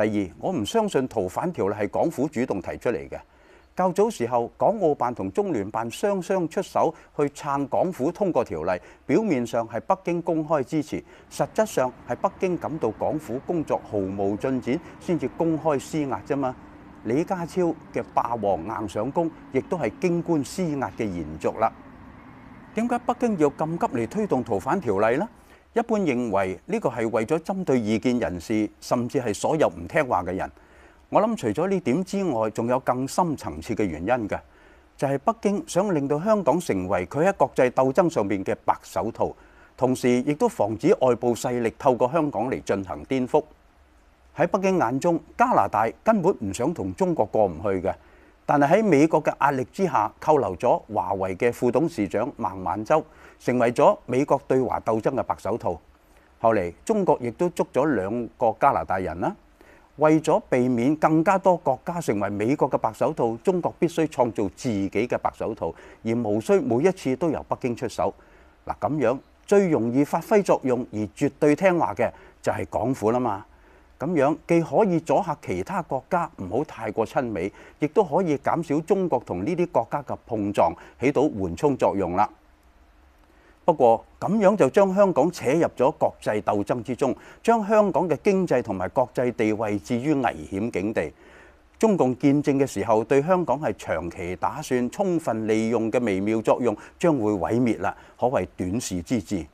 第二，我唔相信逃犯條例係港府主動提出嚟嘅。較早時候，港澳辦同中聯辦雙雙出手去撐港府通過條例，表面上係北京公開支持，實質上係北京感到港府工作毫無進展，先至公開施壓啫嘛。李家超嘅霸王硬上弓，亦都係京官施壓嘅延續啦。點解北京要咁急嚟推動逃犯條例呢？一般認為呢個係為咗針對異見人士，甚至係所有唔聽話嘅人。我諗除咗呢點之外，仲有更深層次嘅原因嘅，就係北京想令到香港成為佢喺國際鬥爭上面嘅白手套，同時亦都防止外部勢力透過香港嚟進行顛覆。喺北京眼中，加拿大根本唔想同中國過唔去嘅。但係喺美國嘅壓力之下，扣留咗華為嘅副董事長孟晚舟，成為咗美國對華鬥爭嘅白手套。後嚟中國亦都捉咗兩個加拿大人啦。為咗避免更加多國家成為美國嘅白手套，中國必須創造自己嘅白手套，而無需每一次都由北京出手。嗱，咁樣最容易發揮作用而絕對聽話嘅就係港府啦嘛。咁樣既可以阻嚇其他國家唔好太過親美，亦都可以減少中國同呢啲國家嘅碰撞，起到緩衝作用啦。不過咁樣就將香港扯入咗國際鬥爭之中，將香港嘅經濟同埋國際地位置於危險境地。中共建政嘅時候對香港係長期打算，充分利用嘅微妙作用將會毀滅啦，可謂短視之至。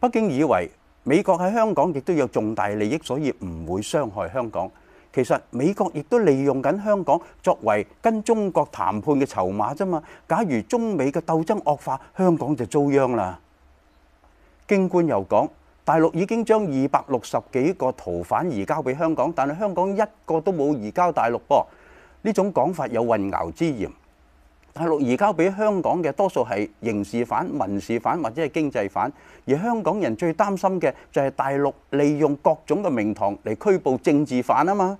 北京以為，美國喺香港亦都有重大利益，所以唔會傷害香港。其實美國亦都利用緊香港作為跟中國談判嘅籌碼啫嘛。假如中美嘅鬥爭惡化，香港就遭殃啦。京官又講，大陸已經將二百六十幾個逃犯移交俾香港，但係香港一個都冇移交大陸噃。呢種講法有混淆之嫌。大陸移交俾香港嘅多數係刑事犯、民事犯或者係經濟犯，而香港人最擔心嘅就係大陸利用各種嘅名堂嚟拘捕政治犯啊嘛。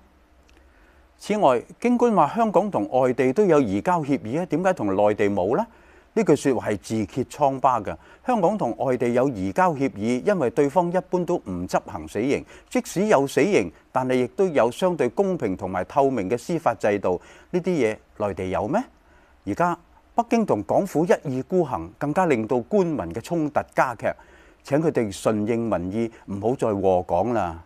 此外，京官話香港同外地都有移交協議啊，點解同內地冇呢？呢句説話係自揭瘡疤嘅。香港同外地有移交協議，因為對方一般都唔執行死刑，即使有死刑，但係亦都有相對公平同埋透明嘅司法制度。呢啲嘢內地有咩？而家北京同港府一意孤行，更加令到官民嘅衝突加劇，請佢哋順應民意，唔好再禍港啦。